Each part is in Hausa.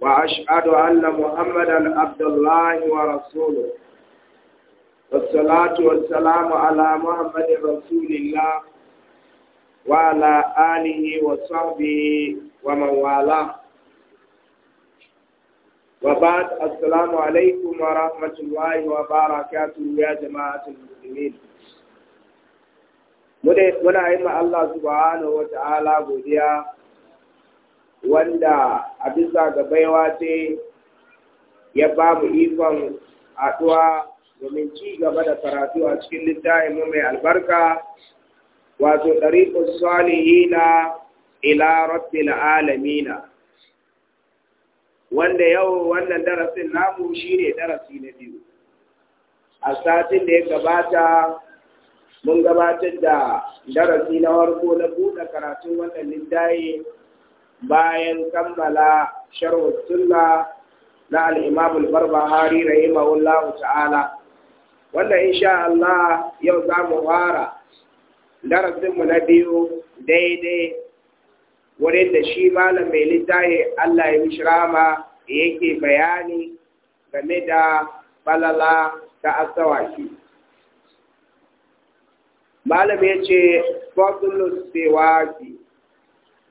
وأشهد أن محمدا عبد الله ورسوله والصلاة والسلام على محمد رسول الله وعلى آله وصحبه ومن والاه وبعد السلام عليكم ورحمة الله وبركاته يا جماعة المسلمين muna yi ma Allah subhanahu wa godiya wanda a bisa ga baiwa ce ya ba mu ikon haɗuwa domin ci gaba da karatu a cikin littafin mu mai albarka wato ɗariƙus salihina ila rabbil alamina wanda yau wannan darasin namu shine darasi na biyu a satin da ya gabata mun gabatar da darasi na farko na buɗe karatun wannan littafin. bayan kammala sharhu sunna na al-Imam al-Barbahari rahimahullahu ta'ala wannan insha Allah yau zamu mu fara darasin na biyu daidai wurin da shi malam mai littafi Allah ya mishrama yake bayani game da falala ta asawaki malam ya ce fadlus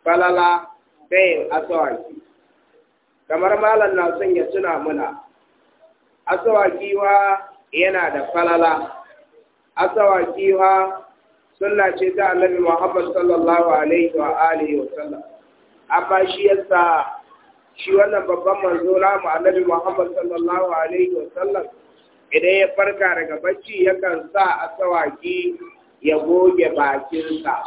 falala sai asawaki kamar malam na son ya suna muna asawaki wa yana da falala asawaki wa sunna ce ta annabi Muhammad sallallahu alaihi wa alihi wa sallam amma shi yasa shi wannan babban manzo namu annabi Muhammad sallallahu alaihi wa sallam idan ya farka daga bacci yakan sa asawaki ya goge bakinsa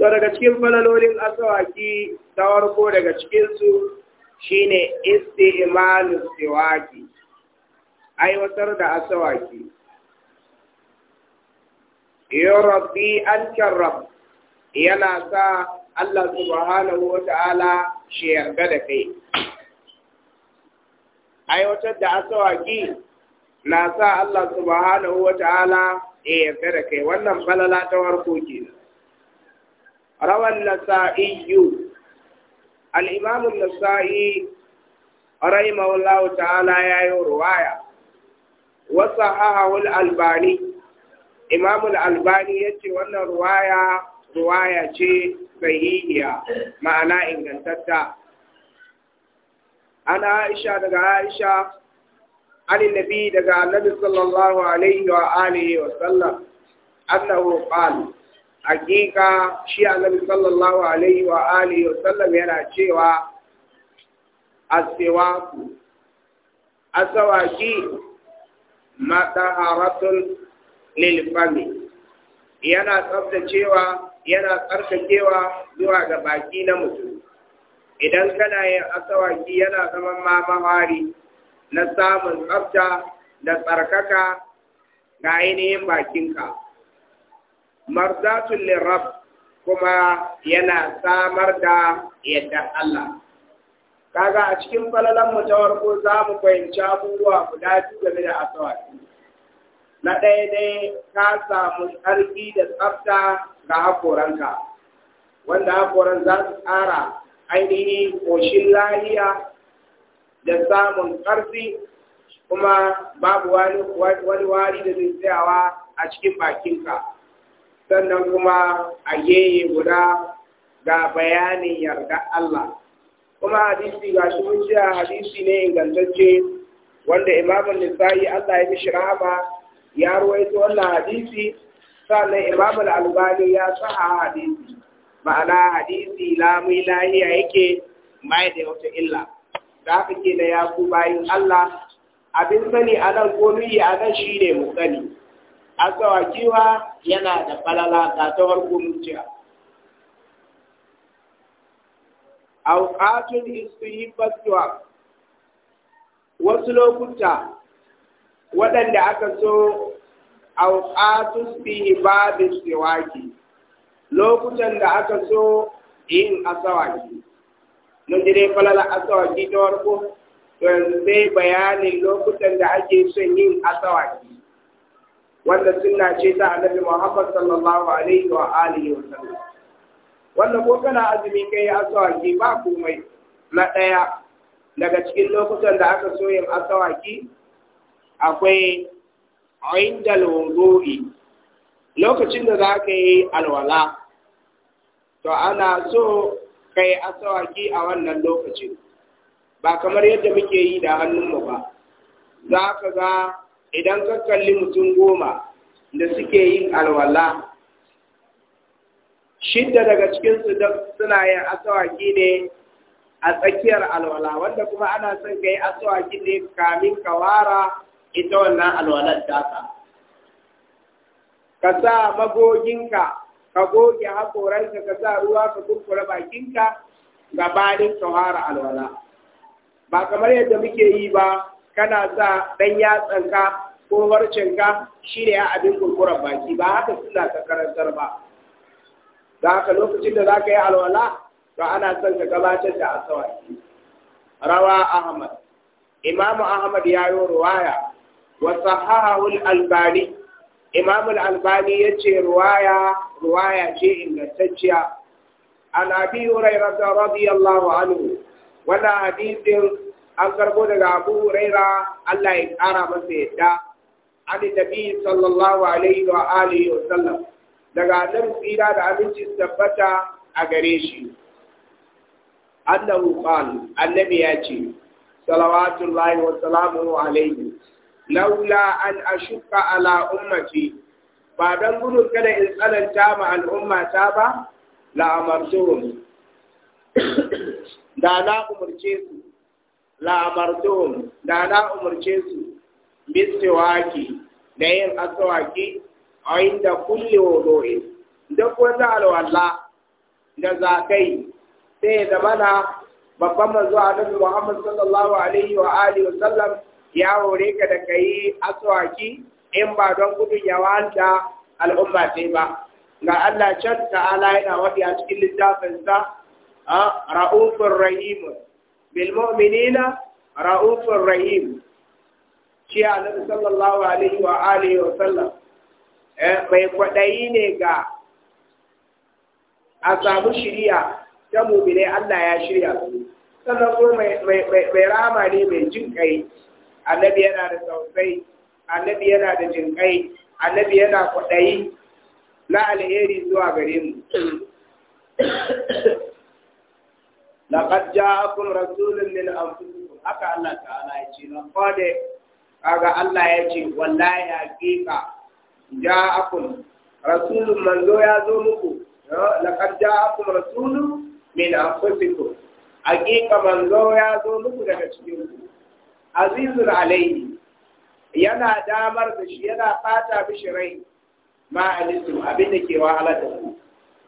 to daga cikin falalolin asawaki ta warko daga cikinsu shine isti'malu siwaki aiwatar da asawaki rabbi an karrab yana sa Allah subhanahu wa ta'ala shi yarda da kai aiwatar da asawaki na sa Allah subhanahu wa ta'ala ya yarda da kai wannan falala ta warko kenan روى النسائي الإمام النسائي رحمه الله تعالى يا رواية وصححه الألباني إمام الألباني يتي وأن رواية رواية شيء sahihiya ma'ana ingantatta ana aisha daga aisha an nabi daga annabi sallallahu alaihi wa alihi wa sallam annahu qala hakika shi annabi sallallahu alaihi wa alihi wa sallam yana cewa asiwaku asawaki mataharatun lil fami yana cewa yana tsarkakewa zuwa ga baki na mutum idan kana yin asawaki yana zaman ma mahari na samun tsafta da tsarkaka ga ainihin bakinka mardatun lirab kuma yana samar da yadda Allah kaga a cikin falalan mu ta farko za mu fahimci abubuwa guda biyu game da asawaki na ɗaya dai ka samu tsarki da tsafta ga hakoranka wanda hakoran za su ƙara ainihin ƙoshin lahiya da samun ƙarfi kuma babu wani wari da zai tsayawa a cikin bakinka sannan kuma a yeye guda ga bayanin yarda Allah kuma hadisi ga shi mun hadisi ne ingantacce wanda imamun nisa'i Allah ya fi shirama ya ruwaito wannan hadisi sannan imamun albani ya a hadisi ma'ana hadisi lamu lahiya yake mai da wata illa da ka ke da ya ku bayin Allah abin sani a nan nuyi a nan shi ne mu sani asawa kiwa yana da falala ga ta farko zuciya yi istihibbatuwa wasu lokuta waɗanda aka so awqatun istihbabu siwaki lokutan da aka so yin asawaki mun dai falala asawaki ta farko to yanzu sai bayanin lokutan da ake son yin asawaki wanda suna ce ta annabi Muhammad sallallahu alaihi wa alihi wa sallam wanda ko kana azumi kai asawaki ba komai na ɗaya daga cikin lokutan da aka so yin asawaki akwai aindal wudu'i lokacin da za ka yi alwala to ana so kai asawaki a wannan lokacin ba kamar yadda muke yi da hannunmu ba za ka ga idan ka kalli mutum goma da suke yin alwala shidda daga cikinsu suna yin asawaki ne a tsakiyar alwala wanda kuma ana son ka yi asawaki ne kamin ka wara ita wannan alwalar dasa. ka sa magoginka ka goge haƙoranka ka sa ruwa ka kurkura bakinka gabanin ka wara alwala ba kamar yadda muke yi ba kana sa dan yatsanka ko warcinka shi ne abin kurkuran baki ba haka suna ka karantar ba da haka lokacin da za ka yi alwala to ana son ka gabatar da asawaki rawa ahmad imamu ahmad ya yi ruwaya wa sahahu al-albani imamu al-albani yace ruwaya ruwaya ce ingantacciya an abi hurairah radiyallahu anhu wannan hadisin an karbo daga Abu Huraira Allah ya kara masa yadda an nabi sallallahu alaihi wa alihi wa sallam daga annabi tsira da abinci tabbata a gare shi annahu qala annabi ya ce salawatullahi wa salamu alaihi laula an ashqa ala ummati ba dan gudun kada in tsananta ma al'umma ta ba la amartuhum da na umurce su la'amartuhum da na umarce su bisiwaki da yin asawaki a inda kulle wudu'i duk wata alwala da zaɓai. sai da mana babban a annabi Muhammad sallallahu alaihi wa alihi wa sallam ya hore ka da yi asawaki in ba don gudun yawanta al'umma sai ba ga Allah can ta'ala yana wadda a cikin littafinsa a ah, ra'ufin rahimun bil mu'minina ra'ufur rahim shi annabi sallallahu alaihi wa alihi wa sallam eh, mai kwaɗayi ne ga a samu shirya ta mumine Allah ya shirya su sannan kuma mai rama ne mai jinƙai annabi yana da sausai annabi yana da jinƙai annabi yana kwaɗayi na alheri zuwa gare mu ja a kun rasulun min anfusikum haka Allah ta ta'ala ya ce na kode kaga Allah ya ce wallahi haqiqa ja'akum rasulun manzo ya zo muku laqad ja'akum rasulun min anfusikum haqiqa manzo ya zo muku daga cikin ku azizul alaihi. yana damar da shi yana fata mishi rai ma alisu abin abinda ke wahala da ku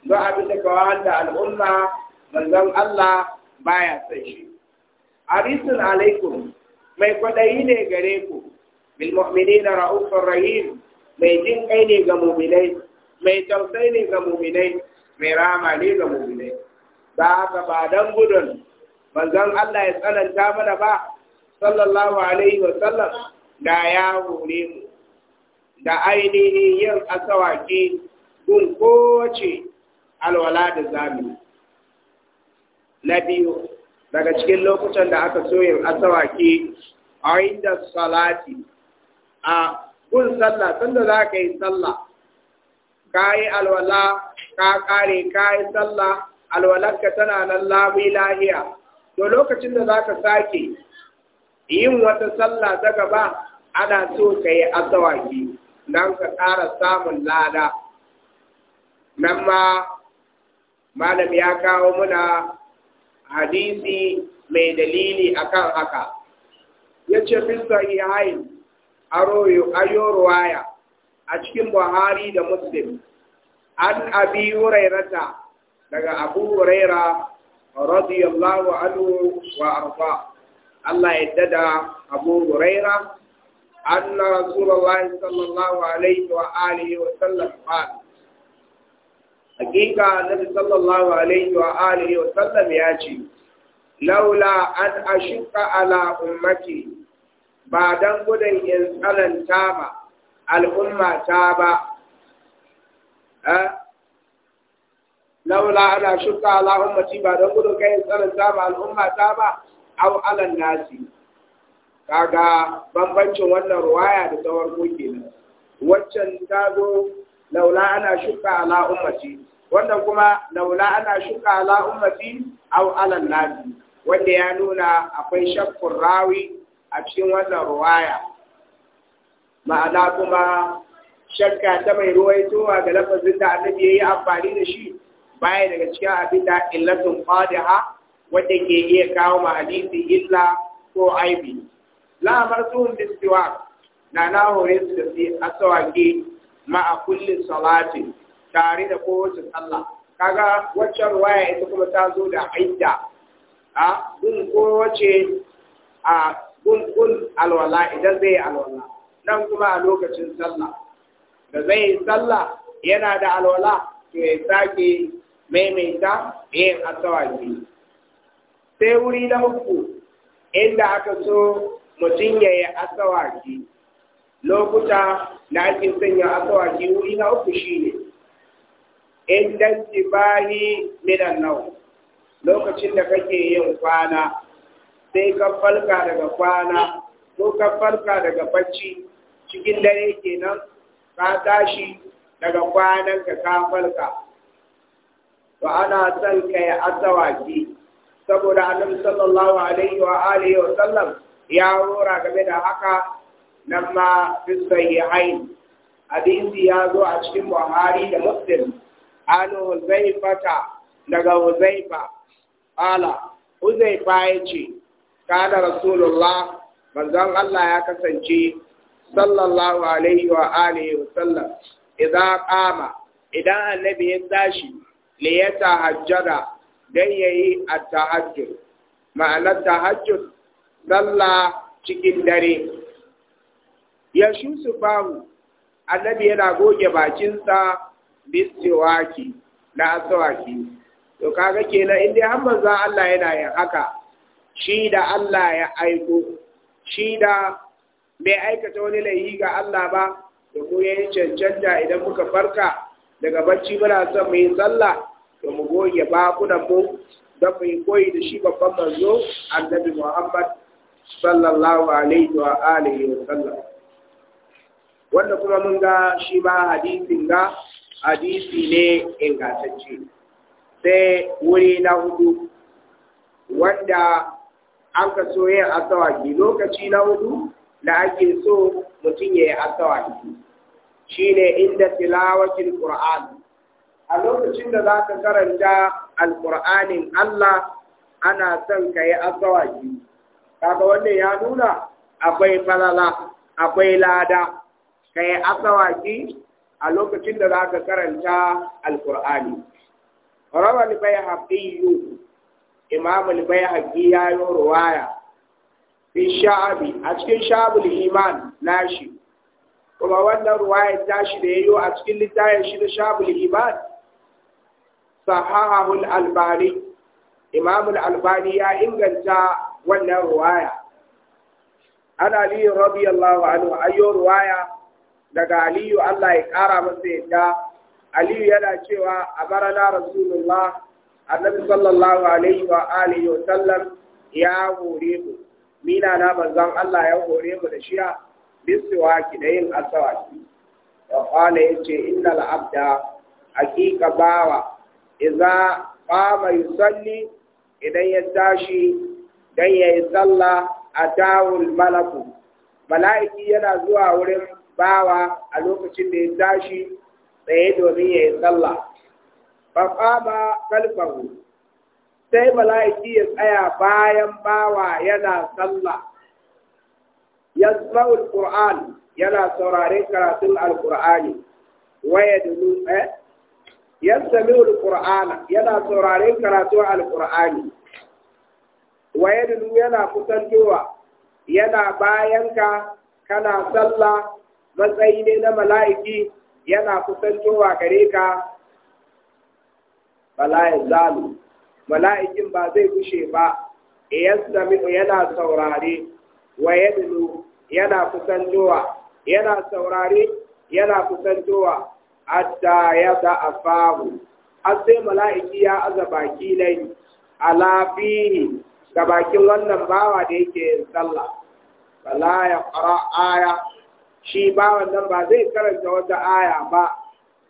don abin da ka wahalar da al'umma manzon Allah baya son shi harisun alaikum mai kwaɗayi ne gare ku bil mu'minina ra'ufur rahim mai jin kai ne ga mu'minai mai tausayi ne ga mu'minai mai rama ne ga mu'minai da haka ba dan gudun manzon Allah ya tsananta mana ba sallallahu alaihi wa sallam da ya hore mu da ainihin yin asawaki gun kowace alwala da zamani na biyu daga cikin lokutan da aka so asawaki a inda salati a gun sallah sanda za ka yi sallah ka yi alwala ka kare ka yi sallah alwalarka tana nan labi lahiya to lokacin da za ka sake yin wata sallah ta gaba ana so ka yi asawaki don ka kara samun lada nan ma malam ya kawo muna hadisi mai dalili akan haka yace fi sahihain aro ayo ruwaya a cikin Buhari da Muslim an abi hurairata daga Abu Huraira radiyallahu anhu wa arfa Allah ya dada Abu Huraira anna Rasulullahi sallallahu alaihi wa alihi wa sallam qala hakika annabi sallallahu alaihi wa alihi wa sallam ya ce laula an ashuka ala ummati ba dan gudun in tsananta ba al'umma ta ba laula ana shuka ala ummati ba dan gudun kai in tsananta ba al'umma ta ba au ala nasi kaga bambancin wannan ruwaya da tawar kenan waccan ta zo laula ana shuka ala ummati wannan kuma laula ana shuka ala ummati aw ala nabi wanda ya nuna akwai shakkun rawi a cikin wannan ruwaya ma'ana kuma shakka ta mai a ga lafazin da annabi yayi amfani da shi baya daga cikin abin da illatun qadiha wanda ke iya kawo ma hadisi illa ko aibi la marzun bisiwak na na hore su da su asawake a kulli salati tare da kowace sallah kaga waccan ruwaya ita kuma ta zo da aida a gun kowace a gun alwala idan zai alwala nan kuma a lokacin sallah da zai sallah yana da alwala to ya sake maimaita yin asawaki sai wuri na uku inda aka so mutum ya yi asawaki lokuta da ake sanya asawaki wuri na uku shi ne inda tibahi minan nau lokacin da kake yin kwana sai ka falka daga kwana ko ka falka daga bacci cikin dare kenan ka tashi daga kwanan ka ka falka to ana son kai yi asawaki saboda annabi sallallahu alaihi wa alihi wa sallam ya rora game da haka nan ma fi aini. hadisi ya zo a cikin Buhari da Muslim an Huzaifata daga Huzaifa qala Huzaifa yace kana Rasulullah manzon Allah ya kasance sallallahu alaihi wa alihi wa sallam idan kama. idan annabi ya tashi li yatahajjada dan yayi at-tahajjud ma'anar tahajjud sallah cikin dare ya su fahu annabi yana goge bakinsa bisiwaki na asawaki to kaga kenan in dai har manza Allah yana yin haka shi da Allah ya aiko shi da bai aikata wani laihi ga Allah ba da ko yayin cancanta idan muka farka daga bacci muna son mu yi sallah to mu goge bakunan mu don mu yi koyi da shi babban manzo annabi Muhammad sallallahu alaihi wa alihi wa sallam wanda kuma mun ga shi ba hadisin ga hadisi ne ingantacce sai wuri na hudu wanda an ka so yin asawaki lokaci na hudu da ake so mutum ya yi asawaki shi ne inda tilawakin ƙura'an a lokacin da za ka karanta alƙur'anin Allah ana son ka yi asawaki kaga wannan ya nuna akwai falala akwai lada ka yi asawaki a lokacin da za ka karanta alkur'ani rawar bai haƙiyu imam bai haƙi ya yi ruwaya fi sha'abi a cikin sha'abul iman nashi kuma wannan ruwaya ta shi da ya a cikin littafin shi da sha'abul iman sahahahul albani imam albani ya inganta wannan ruwaya ana liyin radiyallahu anhu ayyo ruwaya daga Aliyu Allah ya ƙara masa yadda Aliyu yana cewa a bara barana Rasulullah annabi sallallahu alaihi wa alihi wa sallam ya hore mu mina na manzon Allah ya hore mu da shiya bisiwaki da yin asawaki wa qala yace innal abda haqiqa bawa idza qama yusalli idan ya tashi dan yayi sallah atawul malaku mala'iki yana zuwa wurin bawa a lokacin da ya tashi tsaye domin ya yi sallah ba kalfahu sai mala'iki ya tsaya bayan bawa yana sallah yasma'u alquran yana saurare karatun alqur'ani wa yadlu eh yastami'u alqur'ana yana saurare karatun alqur'ani wa yadlu yana kusantowa yana bayanka kana sallah matsayi ne na mala'iki yana kusantowa gare ka bala'in zalu mala'ikin ba zai kushe ba yastami'u yana saurare wa yadda yana kusantowa yana saurare yana kusantowa hatta ya da'afahu an sai mala'iki ya aza baki nai ala ne, ga bakin wannan bawa da yake yin sallah Bala ya qara aya shi ba wannan ba zai karanta wata aya ba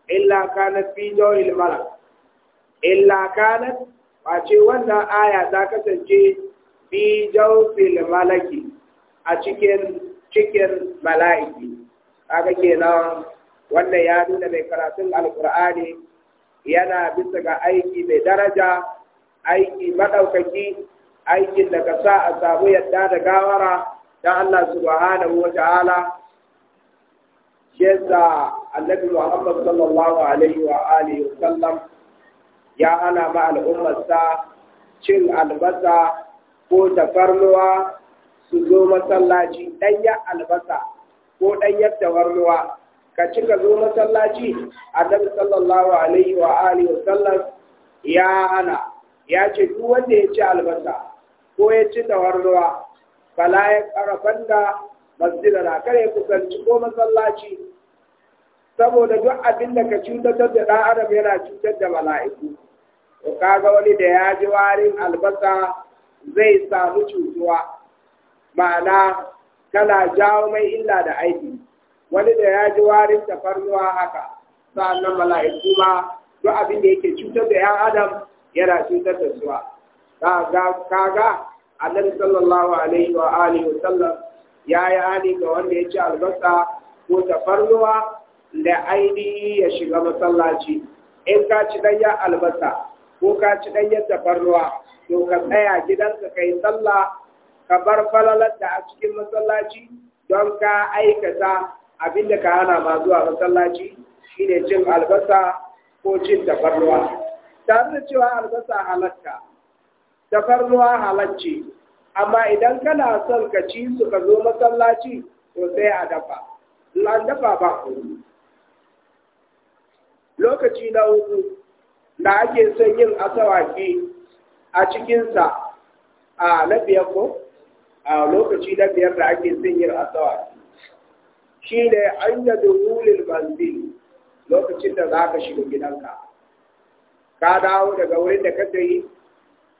illa kanat fi jawil malak illa kanat ba ce wannan aya ta kasance fi jawil malaki a cikin cikin mala'iki kaga kenan wannan ya nuna mai karatun alkur'ani yana bisa ga aiki mai daraja aiki maɗaukaki aikin da ka sa a samu yadda da gawara don Allah subhanahu wa ta'ala yasa annabi Muhammad sallallahu alaihi wa alihi wasallam ya ana ma al'ummarsa cin albasa ko tafarnuwa su zo masallaci ɗanyar albasa ko ɗanyar tafarnuwa ka ci ka zo masallaci annabi sallallahu alaihi wa alihi wasallam ya ana, ya ce duk wanda ya ci albasa ko ya ci tafarnuwa fala ya karaban da masjidana kar ya kusanci ko masallaci saboda duk abin da ka cutar da ɗan adam yana cutar da mala'iku to kaga wani da ya ji warin albasa zai samu cutuwa ma'ana kana jawo mai illa da aiki wani da ya ji warin tafarnuwa haka sa'annan mala'iku ma duk abin da yake cutar da ‘yan adam yana cutar da suwa kaga annabi sallallahu alaihi wa alihi wa sallam ya yi hali ga wanda ya ci albasa ko tafarnuwa da ainihi ya shiga masallaci in ka ci ɗanya albasa ko ka ci ɗanyar tafarnuwa to ka tsaya gidansa ka yi sallah ka bar falalar da a cikin masallaci don ka aikata abin da ka hana ma zuwa masallaci shine cin albasa ko cin tafarnuwa tare da cewa albasa halatta tafarnuwa halacci amma idan kana son ka ci su ka zo masallaci to sai a dafa in an dafa ba ku lokaci na uku da ake son yin asawaki a cikinsa a na biyar ko a lokaci na biyar da ake son yin asawaki shi ne an yi duhulil manzil lokacin da za ka shiga gidanka ka dawo daga wurin da ka yi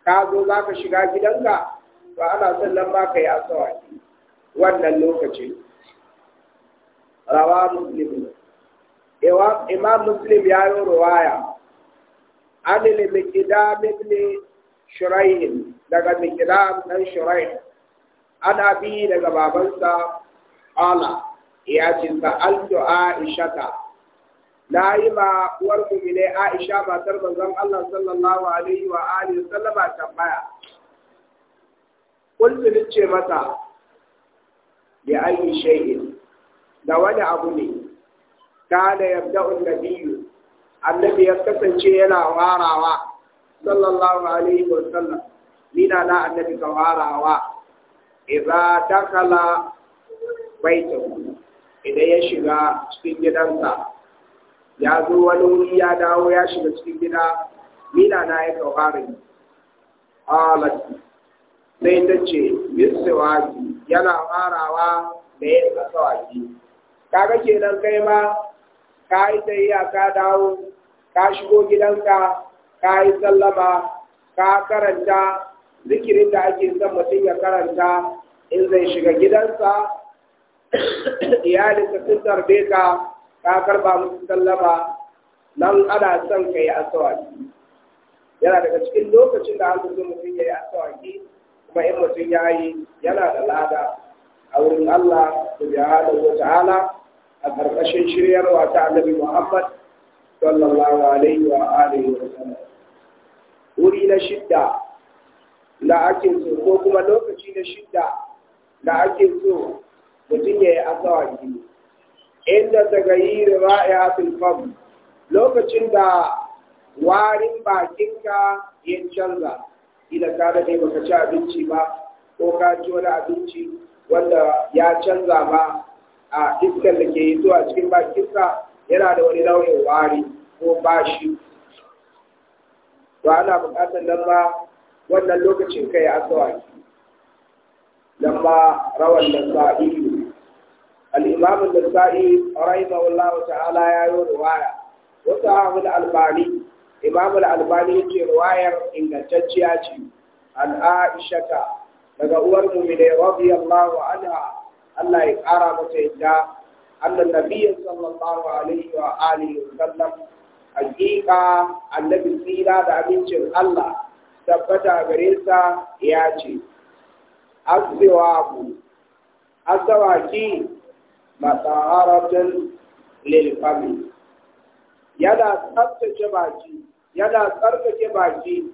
ka zo za ka shiga gidanka to ana son lamba ka yi asawaki wannan lokacin rawa muslim imam muslim ya yi ruwaya an ne mikidam ibn shurayn daga mikidam dan shurayn an abi daga babansa ala ya ce sa'altu aishata na yi ma uwar mu ne aisha matar manzon Allah sallallahu alaihi wa alihi sallama tambaya kultu ce masa da ayi shay'in da wani abu ne kada da nabiyyu annabi ya kasance yana warawa sallallahu alaihi wa sallam mina na annabi ka warawa idza dakala baitahu idan ya shiga cikin gidansa ya zo wani wuri ya dawo ya shiga cikin gida mina na ya warin alat sai ta ce bisawaki yana farawa da yin asawaki kaga kenan kai ma ka yi ta tayya ka dawo ka shigo gidanka ka yi sallama ka karanta zikirin da ake son mutum ya karanta in zai shiga gidansa iyalinka sun tarbe ka ka karba musu sallama nan ana son ka yi asawaki yana daga cikin lokacin da an mutum ya yi kuma in mutum ya yi yana da lada a wurin Allah subhanahu wa ta'ala a karkashin shiryarwa ta annabi Muhammad sallallahu alaihi wa alihi wa sallam wuri na shidda da ake so ko kuma lokaci na shidda da ake so mutum ya yi asawaki inda ya ra'iatul fam lokacin da warin bakinka ya canza kila ka dade baka ci abinci ba ko ka ci wani abinci wanda ya canza ma a iskar da ke zuwa cikin bakinsa yana da wani launin wari ko bashi Ba ana bukatar nan ma wannan lokacin ka yi asawaki nan ba rawan sa'i al-imam an sa'i rahimahullahu ta'ala ya yi riwaya wa sahabu al-albani imam al-albani yake ruwayar ingantacciya ce al-aisha ta daga uwar mu'mina radiyallahu anha Allah ya ƙara mata yadda annan nabiyyi sallallahu alaihi wa alihi wa sallam hakika annabi tsira da amincin Allah tabbata gare sa ya ce asiwaku asawaki matsaharatun lilfami yana tsabtace baki yana tsarkake baki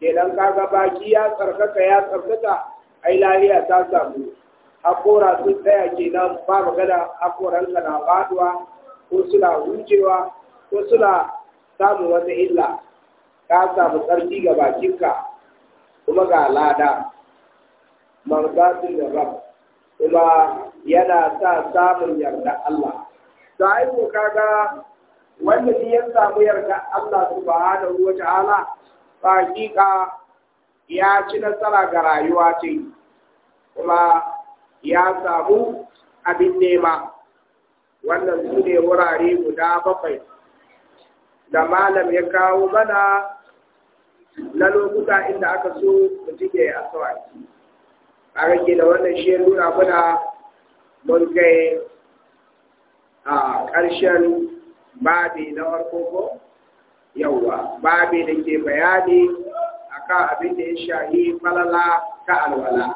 kenan kaga baki ya tsarkaka ya tsarkaka ai lahiya ta samu hakora sun tsaya kenan ba magana hakoranka na faduwa ko suna hujewa ko suna samun wata illa ka samu tsarki ga bakinka kuma ga lada manzatun da rab kuma yana sa samun yarda Allah sai ko kaga wanda shi ya samu yarda Allah subhanahu wa ta'ala ba hakika ya ci nasara ga rayuwa ce kuma ya samu abin nema wannan su ne wurare guda bakwai da malam ya kawo mana na lokuta inda aka so mu ya yi asawaki a rage da wannan shi ya nuna muna mun kai a ƙarshen babi na farko ko yawwa babi da ke bayani akan abin da ya shahi falala ta alwala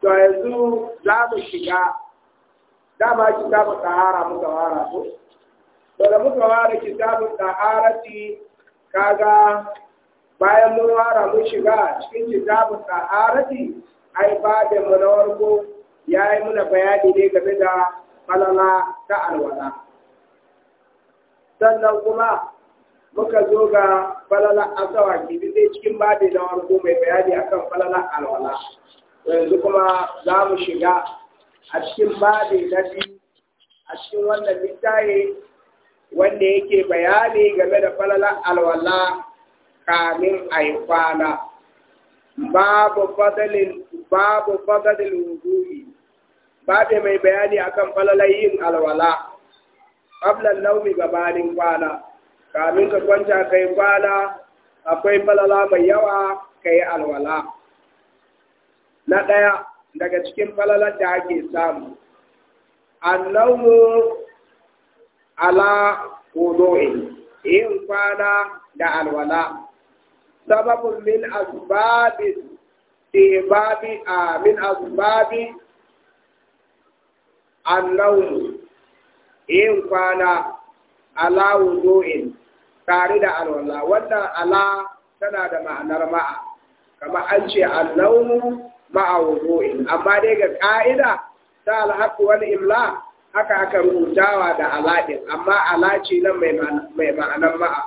to yanzu za mu shiga dama kitabun tsahara muka wara ko to da muka wara kitabun taharati kaga bayan mun wara mun shiga cikin kitabun taharati ai ba da mu na warko yayi muna bayani ne game da falala ta alwala sannan kuma muka zo ga falala asawa duk dai cikin babi na warko mai bayani akan falala alwala yanzu kuma za mu shiga a cikin babi na bi a cikin wannan littaye wanda yake bayani game da falala alwala kamin a yi kwana babu fadalin babu fadalin babe mai bayani akan falalai yin alwala qablan naumi gabanin kwana kamin ka kwanta kai kwana akwai falala mai yawa kai alwala na ɗaya daga cikin falalar da ake samu annaumu ala wudu'i yin kwana da alwala sababun min asbabi babi a min asbabi annawun yin kwana ala wudu'in tare da alwala wannan ala tana da ma'anar ma'a kama an ce annawun ma'a wudu'in amma dai ga ka'ida ta alhaku wani imla haka aka rubutawa da ala din amma ala ce nan mai ma'anar ma'a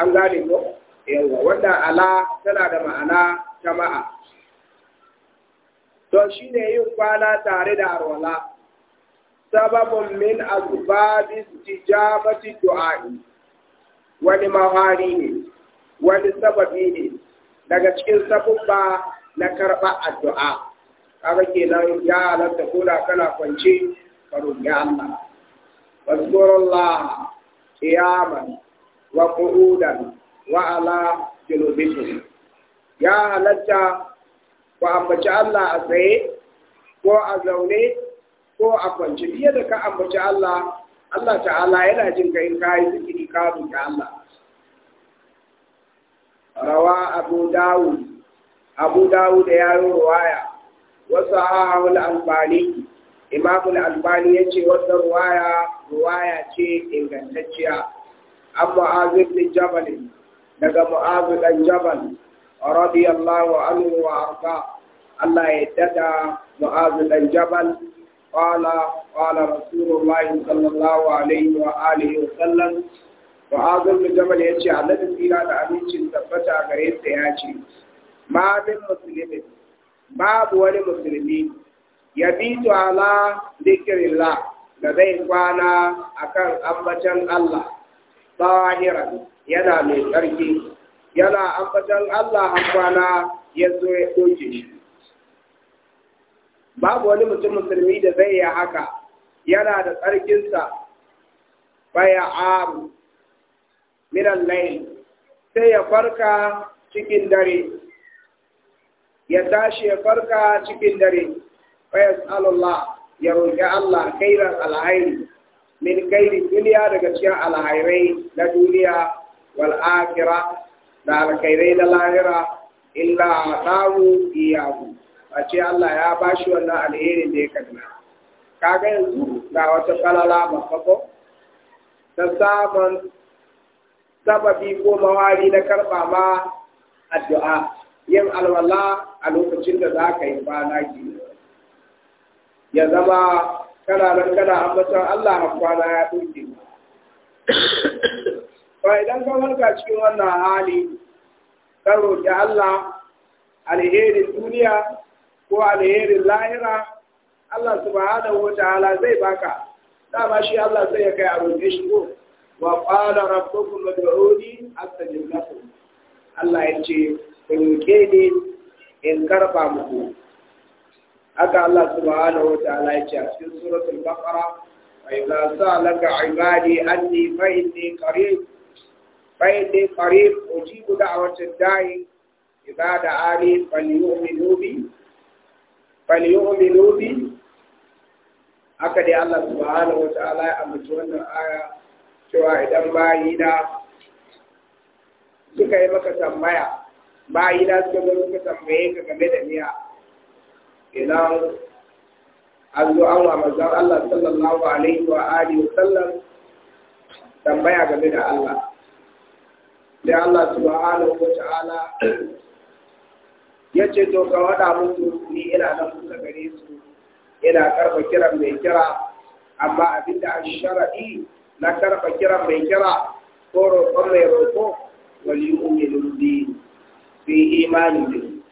an gane ko yawa wannan ala tana da ma'ana ta ma'a to ne yin kwana tare da alwala Sababin min asbabi istijabati du'a'i wani mahari ne wani sababi ne daga cikin sabubba na karɓa addu'a kaga kenan ya halatta koda kana kwance ka roƙi Allah fazkurullah qiyaman wa qu'udan wa ala junubikum ya halatta ku ambaci Allah a tsaye ko a zaune ko a kwance biye da ka ambaci Allah Allah ta'ala yana jin ka in kayi zikiri ka roki Allah rawa Abu Dawud Abu Dawud ya ruwaya wasu ahawul albani imamul albani ya ce wata ruwaya ruwaya ce ingantacciya an mu'azir da jabal daga mu'azir dan jabal radiyallahu anhu wa arda Allah ya dada mu'azir dan jabal قال قال رسول الله صلى الله عليه وآله وسلم وآذر جبل يتي على الذين أمين تبتا غريت ياتي ما من مسلم ما ولي مسلمين يبيت على ذكر الله لدي قانا أكن أمبتن الله ظاهرا يدا من تركي يلا أمبتن الله أمبتن يزوي أجيش babu wani mutum musulmi da zai yi haka yana da tsarkinsa baya aru miran sai ya farka cikin dare ya tashi ya farka cikin dare baya tsallallah ya roƙi Allah kairan alhairi min kairi duniya daga cikin alhairai na duniya wal da alkairai na lahira illa tawu iyahu a ce Allah ya ba shi wannan alherin da ya Ka kaga yanzu ga wata falala mafako ta samun sababi ko mawari na karɓa ma addu'a yin alwala a lokacin da za ka yi na ke ya zama kana nan kana ambaton Allah a kwana ya ɗauke ba idan ka warka cikin wannan hali ka roƙi Allah alherin duniya ko alherin lahira Allah subhanahu wataala zai baka dama shi Allah zai kai a roƙe shi ko wa qala rabbukum ud'uni astajib lakum Allah ya ce roƙe ne in karba muku haka Allah subhanahu wataala ya ce a cikin suratul baqara wa idza sa'alaka 'ibadi anni fa inni qarib فإني قريب أجيب دعوة الداعي إذا دعاني فليؤمنوا بي falyu'minu bi aka dai Allah subhanahu wata'ala ya amince wannan aya cewa idan bayina suka yi maka tambaya bayina suka zo maka tambaye ka game da miya idan an zo an wa manzon Allah sallallahu alaihi wa alihi wa sallam tambaya game da Allah sai Allah subhanahu wata'ala ya ce to ka waɗa musu ni ina nan kusa gare su ina karɓa kiran mai kira amma abin da an sharaɗi na karɓa kiran mai kira ko roƙon mai roƙo wani umilin bi fi imani bi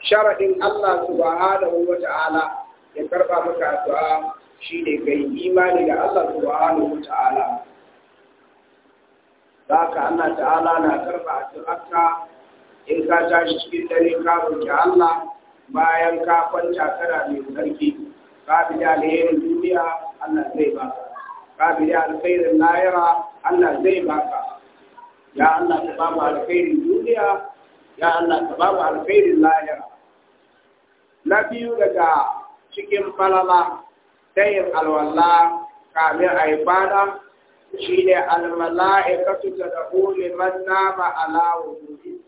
sharaɗin Allah subhanahu wa ta'ala ya karɓa maka addu'a shi ne kai imani da Allah subhanahu wa ta'ala Za ka Allah ta'ala na karɓa addu'arka in ka tashi cikin dare ka roƙi Allah bayan ka kwanta kana mai sarki ka bi da alherin duniya Allah zai baka ka bi da alherin lahira Allah zai baka ya Allah ka mu alherin duniya ya Allah ka mu alherin lahira na biyu daga cikin falala dayin alwala kamin a yi bada shi ne almala'ikatu ta da man nama ala wujuhi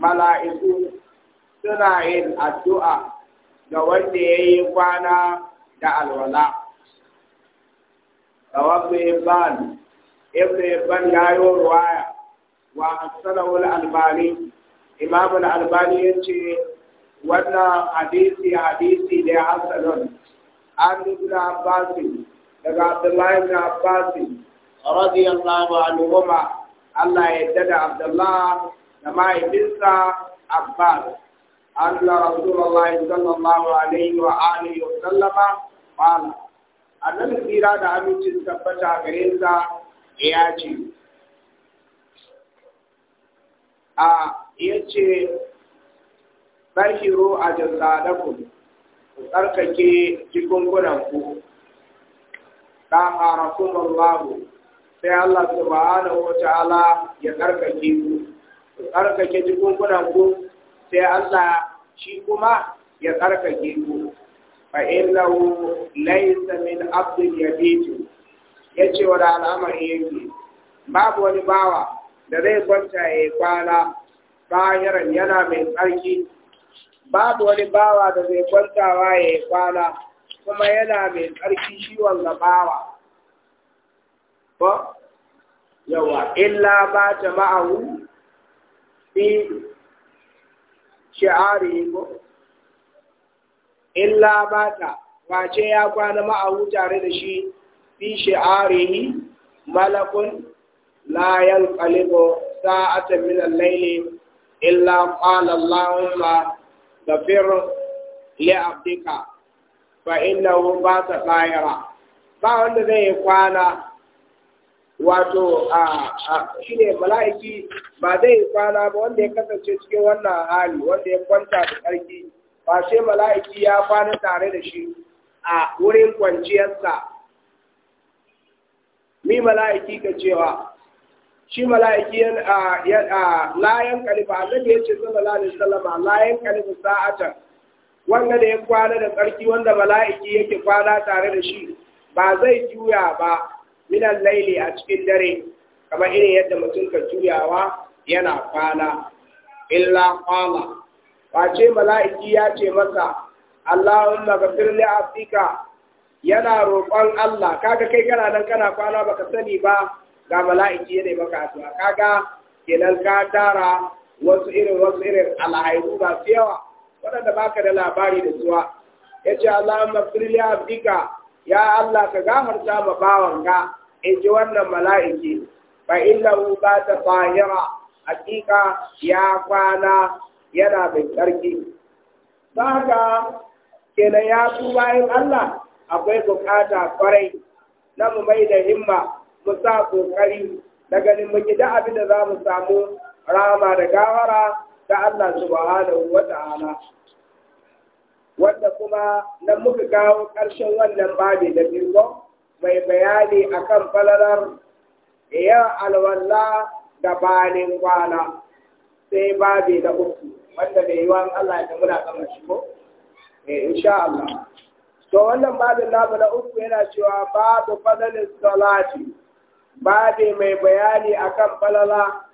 mala'iku suna yin addu'a ga wanda ya yi kwana da alwala. ya Ibn, Ibn Ibn ya yi ruwaya wa Hassanawul Albani, Imam Albani ya ce, wannan hadisi hadisi da ya hasanun, an ibn Abbasin, daga Abdullahi na Abbasin, radiyallahu anhu Allah ya yadda da Abdullahi da mahaifinsa Abbas Allah Rasulullahi sallallahu alaihi wa alihi wa sallama qala annabi tsira da amincin tabbata gare sa ya ce a yace Barkiro a jasadakum ku tsarkake jikunkunan ku ta'arakum babu, sai Allah subhanahu wa ta'ala ya tsarkake ku tsarkake jikunkunan ku sai Allah shi kuma ya tsarkake ku fa innahu laysa min abdin yabitu yace wa al'amari yake babu wani bawa da zai kwanta ya kwana bayaran yana mai tsarki babu wani bawa da zai kwantawa ya kwana kuma yana mai tsarki shi wanda bawa ba yawa illa ba jama'ahu fi shi'ari ko illa bata wace ya kwana ma'ahu tare da shi fi shi'arihi malakun la yanqalibu sa'atan min al-layli illa qala allahumma ghafir li 'abdika fa ba wanda zai kwana wato a shi ne mala'iki ba zai kwana ba wanda ya kasance cikin wannan hali wanda ya kwanta da tsarki ba sai mala'iki ya kwana tare da shi a wurin kwanciyarsa mi mala'iki ka cewa shi mala'iki layan kalifa a ya ce sallallahu alaihi salama layan kalifa sa'atan wanda da ya kwana da tsarki wanda mala'iki yake kwana tare da shi ba zai juya ba minan laili a cikin dare kamar irin yadda mutum ka juyawa yana kwana illa kwana ce mala'iki ya ce masa Allahumma ghafir li afika yana roƙon Allah kaga kai kana nan kana kwana baka sani ba ga mala'iki yana maka addu'a kaga kenan ka tara wasu irin wasu irin alhairu ba su yawa waɗanda baka da labari da zuwa Ya yace Allahumma ghafir li afika ya Allah ka gafarta ma bawanka in ji wannan mala'iki fa innahu ba ta tahira hakika ya kwana yana mai tsarki saka kenan ya su bayan Allah akwai bukata kwarai na mu mai da himma mu sa kokari da ganin mu da abin da za mu samu rama da gawara ta Allah subhanahu wa ta'ala wanda kuma nan muka kawo ƙarshen wannan babi da birgo mai bayani akan falalar yin alwalla da banin kwana sai babi da uku wanda mai yiwuwan Allah ya muna gama shi ko? Eh, insha Allah. To wannan babin namu na uku yana cewa babu falalin salati, babi mai bayani akan falala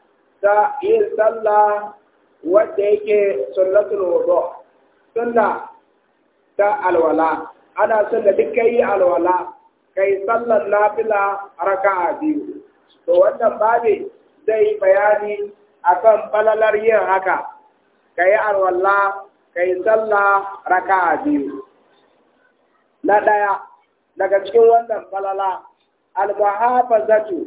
ta yin sallah wadda yake sunnatul wudu. Sunna ta alwala, ana sunna duk kai alwala kai sallar nafila a biyu to wannan babe zai yi bayani akan falalar yin haka kai arwalla kai sallah a biyu na ɗaya daga cikin wannan falala al-muhafazatu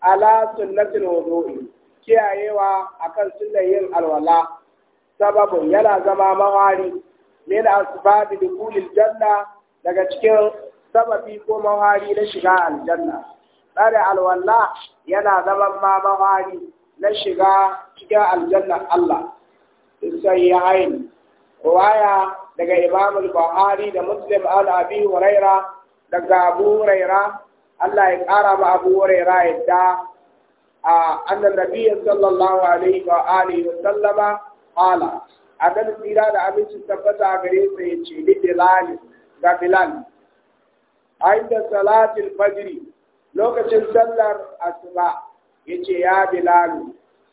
ala sunnatin wudu'i kiyayewa akan sunnar yin alwala sababin yana zama mawari min asbabi dukulil janna daga cikin sababi ko mahari na shiga aljanna tsare alwala yana zama ma mahari na shiga cikin aljanna Allah sai ya ruwaya daga Imam al-Bukhari da Muslim Al Abi Huraira daga Abu Huraira Allah ya kara ma Abu Huraira yadda a annan Nabi sallallahu alaihi wa alihi wa sallama qala adan tsira da aminci tabbata gare sa yace ni Bilal ga Bilal inda salatul fajri lokacin sallar asuba yace ya bilal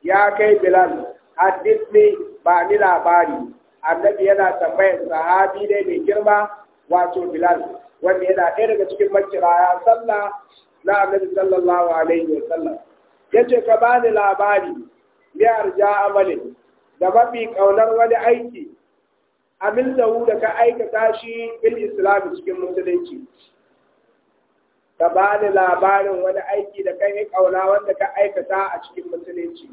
ya kai bilal hadithni ba ni labari annabi yana tambayar sahabi ne mai girma wato bilal wanda yana ɗaya daga cikin makiraya sallah na annabi sallallahu alaihi wa sallam yace ka bani labari miyar arja amali da mafi ƙaunar wani aiki amil da ka aikata shi bil islam cikin musulunci ka ba da labarin wani aiki da kan yi ƙauna wanda ka aikata a cikin musulunci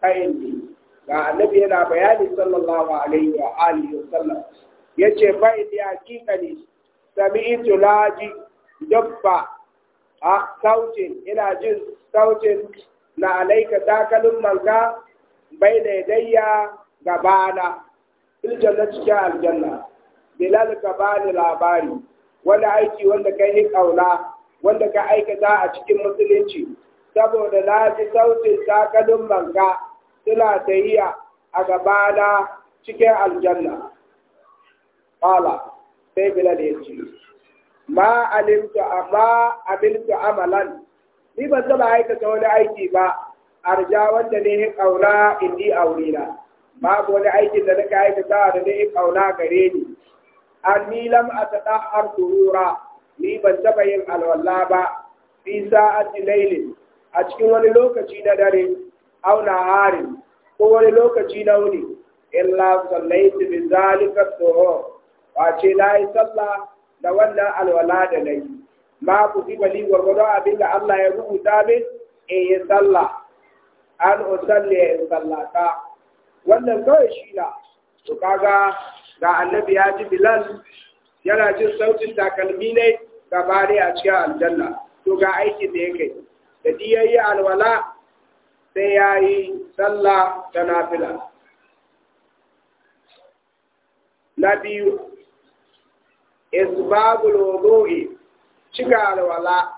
kayan ne ga annabi yana bayani sallallahu alaihi wa alihi wa sallam yace fa ne sami ito laji dabba a sautin ina jin sautin na alaika takalin manka bai da yadayya gabana fil cikin aljanna bilal ka bani labari wani aiki wanda kai yi ƙauna wanda ka aikata a cikin musulunci saboda na ji sautin takalin manga suna tahiya a gabana cikin aljanna qala sai bilal ya ce ma alimtu amma abinta amalan ni ban zama aikata wani aiki ba arja wanda ne ya kauna indi aurina babu wani aikin da ka aikata da ne ya ƙauna gare ni an nilam atadahar durura ni ban taɓa yin alwala ba fi sa'ati lailin a cikin wani lokaci na dare auna harin, ko wani lokaci na wuni illa sallaitu bi zalika tuhur wa ce na yi sallah da wannan alwala da nayi ma ku fi bali gwargwado abin da Allah ya rubuta min e yi sallah an usalli ya yi ta wannan kawai shi na to kaga ga annabi ya ji bilal yana jin sautin takalmi ne gaba dai a cikin aljanna to ga aikin da yake da di yi alwala sai yayi sallah da nafila na biyu isbabul wudu'i cika alwala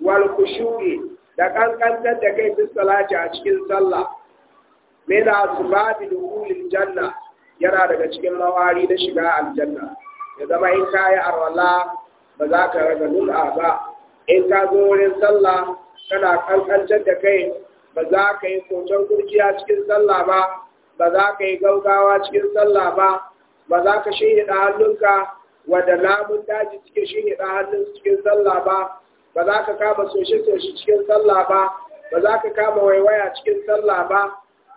wal khushu'i da kankantar da kai bi salati a cikin sallah min asbabi dukhulil janna yana daga cikin mawari na shiga aljanna ya zama in kai alwala ba za ka raga nuna ba in ka zo wurin sallah kana kankancar da kai ba za ka yi koton kurciya cikin sallah ba ba za ka yi gaugawa cikin sallah ba ba za ka shihida hannunka wadda namun daji cikin shihida hannun cikin sallah ba ba za ka kama soshe-soshe cikin sallah ba ba za ka kama waiwaya cikin sallah ba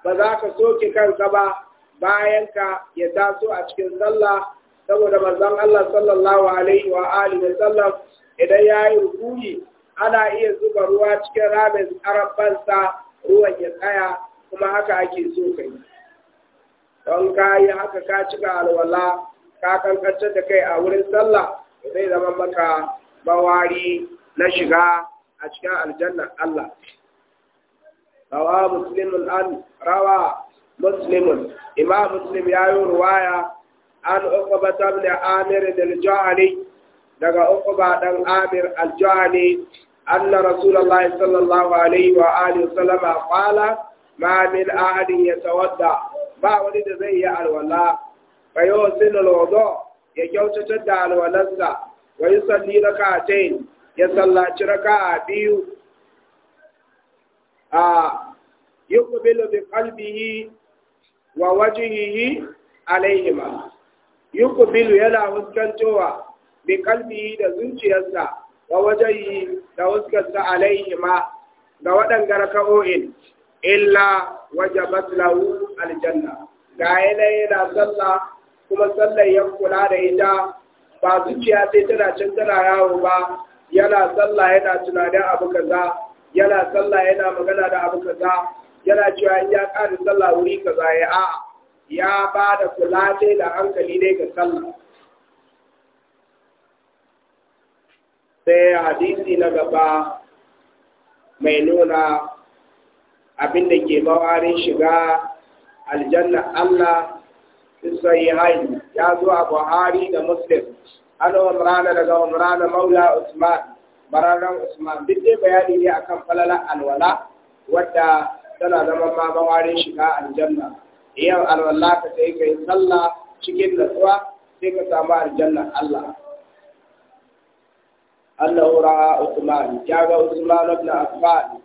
ba za ka soke kanka ba bayan ka ya taso a cikin sallah saboda manzon Allah sallallahu alaihi wa alihi wa sallam idan ya yi ana iya zuba ruwa cikin rabin sa ruwan ya tsaya kuma haka ake so kai don ka haka ka cika alwala ka kankance da kai a wurin sallah zai zama maka bawari na shiga a cikin aljanna Allah rawa muslimun an rawa muslimun imam muslim ya yi ruwaya an uqba ibn amir al-ju'ani daga uqba dan amir al-ju'ani anna rasulullahi sallallahu alaihi wa alihi sallama qala ma min ahadin yatawadda ba wani da zai yi alwala fa yusilu al-wudu ya kyautata da alwalarsa wa yusalli rak'atayn ya sallaci raka'a biyu a yuqbilu bi qalbihi wa wajhihi alaihima Yukubilu yana huskantowa bi kalbi da zuciyarsa wa wajayi da huskarsa ma ga waɗanda raka'o'in illa wajabat lahu aljanna ga yana yana sallah kuma sallar ya kula da ita ba zuciya sai tana can tana yawo ba yana sallah yana tunanin abu kaza yana sallah yana magana da abu kaza yana cewa in ya ƙara sallah wuri kaza ya a'a ya ba da kula ce da hankali ne ga sallah sai hadisi na gaba mai nuna abin da ke mawarin shiga aljanna Allah Isra'il ya zo a Buhari da Muslim an umrana daga umrana maula Usman bararran Usman duk dai bayani ne akan falalar alwala wadda tana zama ma mawarin shiga aljanna yau alwala ka sai ka yi sallah cikin nasuwa, sai ka samu aljanna Allah Allah ra'a Uthman ya ga Uthman ibn Affan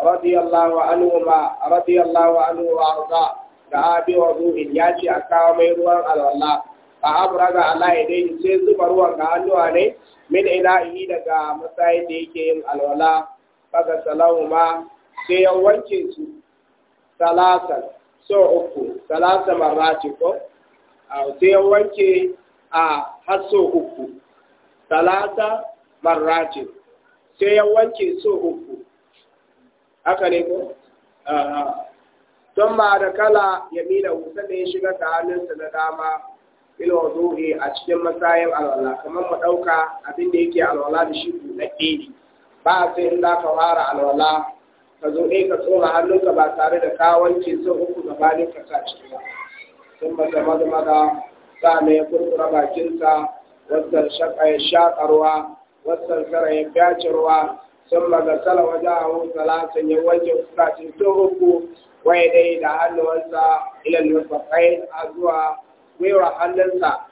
radiyallahu anhu ma radiyallahu anhu wa arda da abi wa ruhin ya ce a kawo mai ruwan alwala a abraga Allah ya dai sai zuba ruwan ga hannuwa ne min yi daga matsayin da yake yin alwala faga ma sai ya wanke su salatan so uku talata marati ko sai wanke a har so uku talata marati sai wanke so uku haka ne ko don ma da kala ya mila wuta da ya shiga ta hannunsa na dama ilo zuhi a cikin matsayin alwala kamar mu ɗauka abin da yake alwala da shi buɗaɗɗe ne ba sai in za ka fara alwala ka zo ɗai ka tsoma hannunka ba tare da kawance sun uku uku bani ka sa ciki ba sun ba zama zama ga sa'ana ya kurkura bakinsa wasan shaka ya shakarwa wasan sara ya ruwa. sun ba ga sala wajen hau salatin ya wanke fuskacin sun uku waye dai da hannuwansa ilan nufakai a zuwa gwiwa hannunsa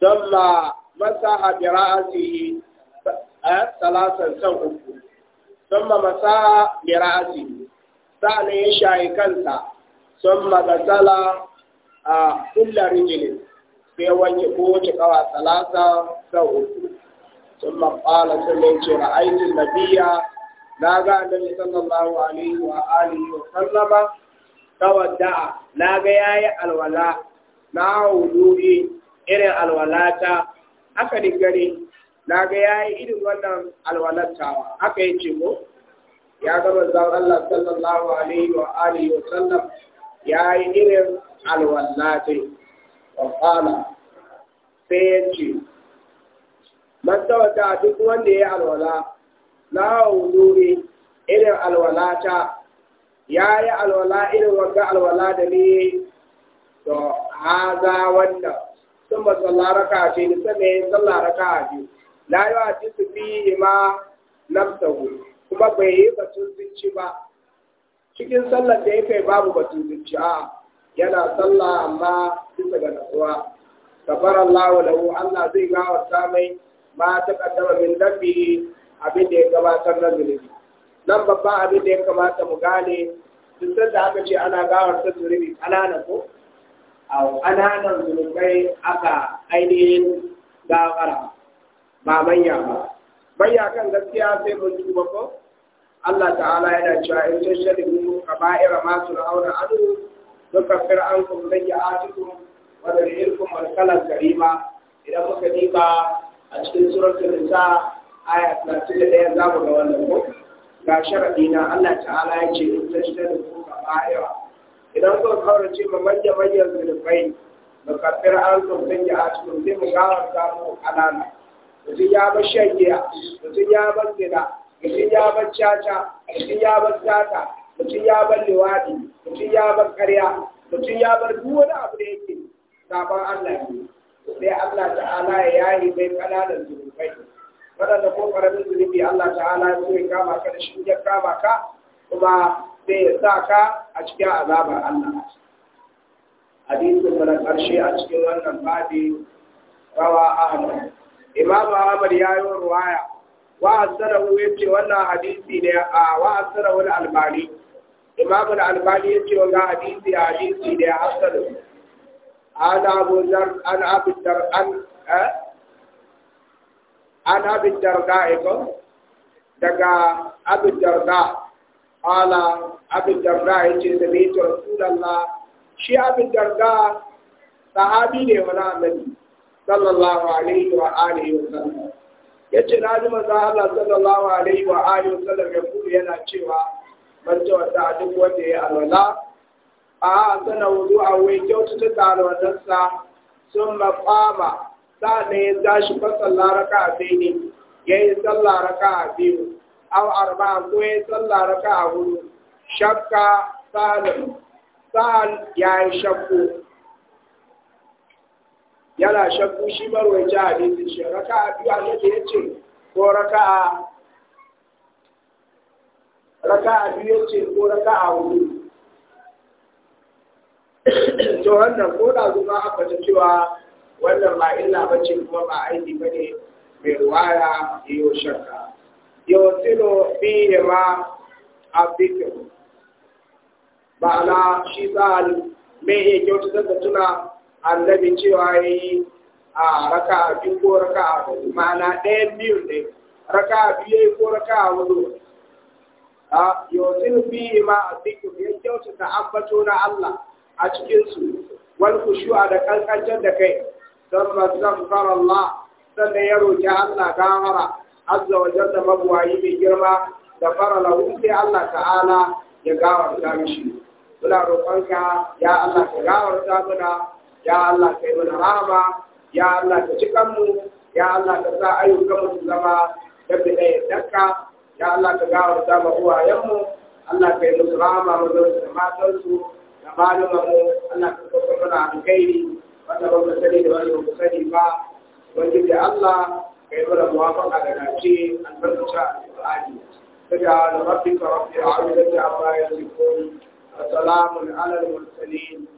don ma masa a bira'asihi eh, salatin sau uku sun mamasa mirasi sa'ana ya shayi kansa sun magasala a kulla rijilin sai wanke kowace kawa salasa sau uku sun maƙala sun mai ce ra'aitin nabiya na ga annabi sallallahu alaihi wa alihi wa sallama tawadda'a na ga yayi alwala na wudu'i irin alwalata aka dingare na ga ya yi irin wannan alwalattawa haka ya ce ko ya gama manzon Allah sallallahu alaihi wa alihi wa sallam ya yi irin alwallatai wa sai ya ce man tawata duk wanda ya yi alwala la wuduri irin alwalata ya yi alwala irin wanda alwala da ne to haza wanda sun ba sallaraka ce da sanayin sallaraka a biyu la yuhaddisu fihi ma nafsahu kuma bai yi batun zuci ba cikin sallar da ya kai babu batun zuci a yana sallah amma bisa ga natsuwa kafara Allah lahu Allah zai gawarta mai ma ta kaddama min dambi abin da ya gabatar na zunubi nan babban abin da ya kamata mu gane duk da aka ce ana gawarta zunubi ƙananan ko a ƙananan zunubai aka ainihin gawara ba manya ba manya kan gaskiya sai mun tuba ko Allah ta'ala yana cewa in tashhadu kaba'ira ma tul'auna adu nukaffir ankum sayyi'atikum wa nudkhilkum madkhalan karima idan muka diba a cikin suratul nisa aya 31 za mu ga wannan ko ga sharadi na Allah ta'ala ya ce in ka kaba'ira idan kun kaurace ma manya an ku da ya atiku, sai mu gawar ta mu kanana mutum ya bar shan giya mutum ya bar zina mutum ya bar caca mutum ya bar sata mutum ya bar liwadi mutum ya bar karya mutum ya bar duk wani abu da yake sabon Allah ne sai Allah ta'ala ya yayi mai kananan zunubai waɗanda ko ƙaramin zunubi Allah ta'ala ya so ya kama ka da shi ya kama ka kuma sai ya sa ka a cikin azabar Allah hadisin mu na ƙarshe a cikin wannan babi rawa Ahmad imam ahmad ya yi ruwaya wa asarahu yace wannan hadisi ne a wa al-albani imam al-albani yace wannan hadisi hadisi ne hasan ana abu dar an abu dar an eh an abu darda eh, ko daga abu darda ala yace da bai to rasulullah shi abu da sahabi ne wala sallallahu alaihi wa na ji manzo Allah sallallahu alaihi wa alihi wa ya kuma yana cewa man tawata duk wanda ya alwala a sana wudu'a wai kyautata da alwalarsa sun maqama sa'an ya tashi fa sallara ka ne yayi sallara ka biyu aw arba'a ko ka hudu shakka sa'an yayi shakku yana shakku shi a hadisi shi raka a biyu annabi ya ce ko raka a raka a biyu ya ce ko raka a hudu to wannan ko da zuma aka ta cewa wannan ba illa ce kuma ba aiki bane mai ruwaya yi shakka yawtilo ne ma Ba na shi za mai iya wata da tuna annabi cewa yi a raka biyu ko raka abu ma'ana ɗayan biyun ne raka biyu ko raka abu hudu a yosin fi ma a cikin ya kyauta ta ambato na Allah a cikinsu wal kushu'a da kankancin da kai don mazamfar Allah da ya roƙi Allah gawara azza wa jalla mabuwayi mai girma da fara lahu sai Allah ta'ala ya gawarta mishi muna roƙonka ya Allah ka gawarta muna ya Allah kai mana rahama ya Allah ka ci kanmu ya Allah ka sa ayyukan mu zama dabbe da yaddanka ya Allah ka gawa da mu uwayenmu Allah kai musu rahama mu da matansu da mu, Allah ka kafa mana alkhairi wanda ba mu sani da wanda ba mu sani ba wajen da Allah kai mana muwafaqa da dace albarkaci alqur'ani سبحان ربك رب العزة عما يصفون وسلام على المرسلين